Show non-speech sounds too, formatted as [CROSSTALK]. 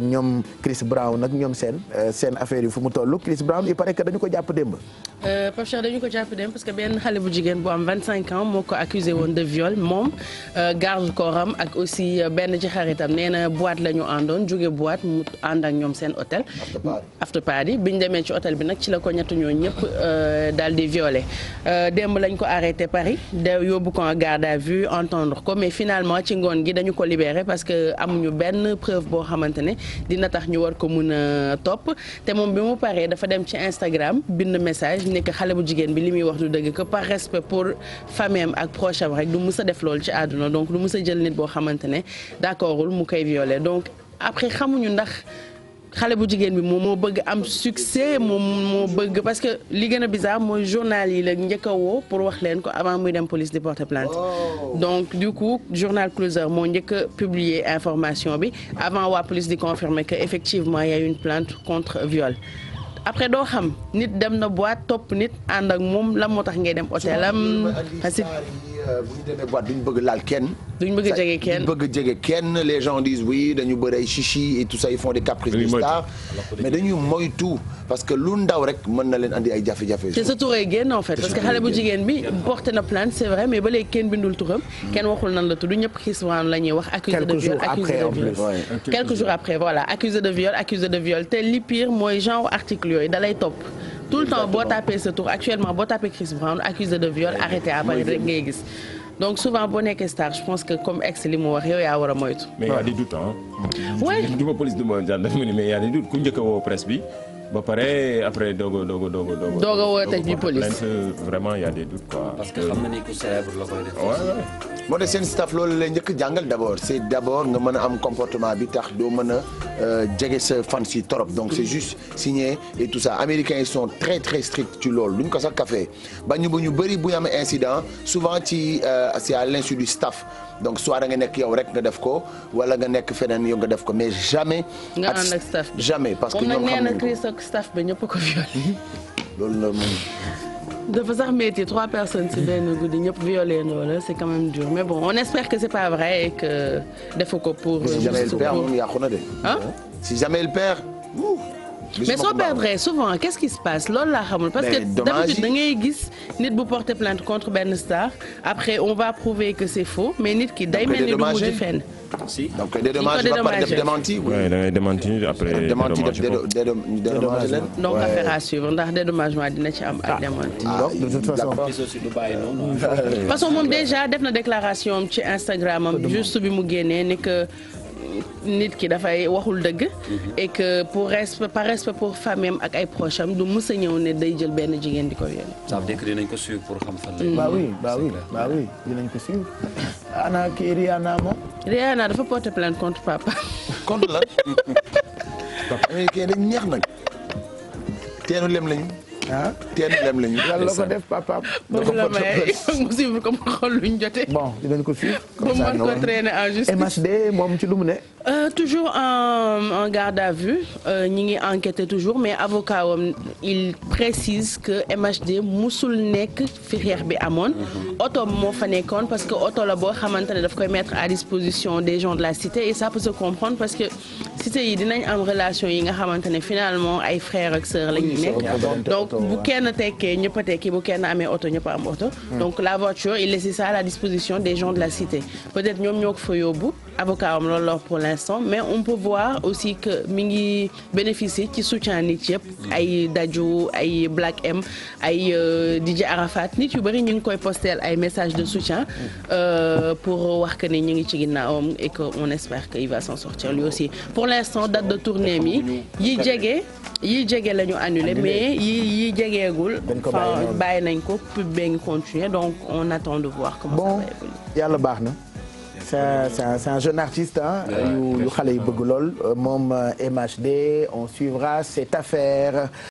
ñoom Chris Brown nag ñoom seen euh, seen affaire yi fu mu toll Chris Brown il paraît que dañu ko jàpp démb. Euh, Pape Cheikh dañu ko jàpp démb parce que euh, benn ci xaritam nee na boîte la ñu àndoon jóge boîte mu ànd ak ñoom seen hôtel. after party bi ñu demee ci hôtel bi nag ci la ko ñett ñoo ñëpp daal di violé démb lañ ko arrêté Paris de yóbbu ko en garde à vue entendre ko mais finalement ci ngoon gi dañu ko libéré parce que amuñu benn preuve boo xamante ne. dina tax ñu war ko mun a topp te moom bi mu paree dafa dem ci Instagram bind message nekk xale bu jigéen bi li muy wax du dëgg ko par respect pour famille ak proche am rek du musa a def loolu ci àdduna donc du mus a jël nit boo xamante ne d'accordul mu koy violer donc après xamuñu ndax. xale bu jigéen bi moom moo bëgg am succès moom moo bëgg parce que li gën a bizarre mooy journal yi la njëkk woo pour wax leen ko avant muy dem police di porter plainte oh. donc du coup journal Closer moo njëkk publier information bi avant waa police di confirmer que effectivement il y a une plainte contre viol. après doo xam nit dem na boîte topp nit ànd ak moom la moo tax ngay dem hôtel am parce Euh, bu ñu demee boîte duñ bëgg laal kenn. duñ bëgg jege kenn duñ bëgg jege kenn les gens disent oui dañu bëri ay chichi et tout ça ils font des caprices de star mais dañuy moytu parce que lu ndaw rek mën na leen andi ay jafe-jafe. te sa tur ay génn en fait parce que xale bu jigéen bi porté na plainte c'est vrai mais ba kenn bindul turam. kenn waxul nan la tudd ñëpp xiswaan la ñuy wax. accusé de viol accusé de viol quelques jours après voilà accusé de viol accusé de viol tout le temps boo tapé sa tour actuellement boo de viol arrêté à Paris rek ngay gis donc souvent boo nekkee star je li mu wax yaa war a moytu. mais y a des doutes ah. oui du ma ma gendarmerie mais y a des ku njëkk woo presse bi. ba pare après doog a doog a doog a doog police vraiment y a des doutes moo tax seen staff loolu la njëkk jàngal d' abord c' nga mën a am comportement bi tax doo mën a. Euh, jege sa fan si trop donc c'est juste signé et tout ça américains son très très stricts ci lool lu ñu ko sax café bañu bu ñu bëri bu ñu amee incident souvent ci euh, c'est à l'insu du staff donc soit da nga nekk yow rek nga def ko wala nga nekk feneen yow nga def ko mais jamais. nga ànd ak parce que ñoom xam nañu ko staff bi ñëpp ko violé. loolu la moom. dafa sax métti trois personnes ci benn guddi ñëpp violé ndoo la c'est quand même dur mais bon on espère que c'est pas vrai et que defu ko pour. Euh, si jamais il perd na de. si jamais il perd. mais soo perdre souvent qu'est-ce qui se passe loolu laa xamul parce que d'habitude da ngay gis nit bu porter plainte contre benn star après on va prouver que c'est faux mais nit ki day mel ni du mujj fenn. si donc dédommage ba pare def démenti. oui da donc affaire à suivre ndax dédommagement dina ci am a ah. démenti. Ah, donc de toute façon. [LAUGHS] façon moom déjà def na déclaration am ci Instagram am. juste bi mu génnee ni que nit ki dafay waxul dëgg. Mhm. et que par respect pour famille ak ay proches du mës a ñëw ne day jël benn jigéen di ko yónnee. ça ana kii Rihanna moom. Rihanna dafa porté plainte contre papa. [LAUGHS] contre lan. papa [LAUGHS] eh, kii dañ ñeex nag. teenu lem lañu. ah teen lem la [LAUGHS] ko def papaam. moom la may mu suivre comme xool luñ jotee. ko suivre. en justice MHD moom ci lu mu ne. Euh, toujours en en garde à vue euh, ñi ngi enquêter toujours mais avocat wam il précise que MHD musul nekk fi xeex bi amoon. Mhm. oto moo fa nekkoon parce que oto la boo xamante ne daf koy mettre à disposition des gens de la cité et ça peut parce que cité yi dinañ am relation yi nga xamante ne finalement ay frères ak sœurs la ñuy nekk donc. bu kenn tekkee ñëpp a tekki bu kenn amee oto oto. Hmm. donc la voiture il laisse ça à la disposition des gens de la cité peut-être ñoom ñoo ko fa yóbbu avocat am loolu la pour l'instant mais on peut voir aussi que mi ngi bénéficier ci soutien nit yëpp. Hmm. ay Dadju ay Black M ay euh, DJ Arafat nit yu bëri ñu ngi koy postel ay messages de soutien hmm. euh, pour wax que ni ñu ngi ci ginnaawam et que on espère que il va sortir lui aussi pour l'instant date de tournée mi yi jege. yi jege la ñu annulé mais yi yi jegeegul. dañ bàyyi nañ ko pub bee ngi continuer donc on attend de voir. comment bon, ça va évoluer bon yàlla baax na. c'est un, c'est un, c'est un jeune artiste ah. yu yu xale yu bëgg lool euh, moom euh, MHD on suivra cette affaire.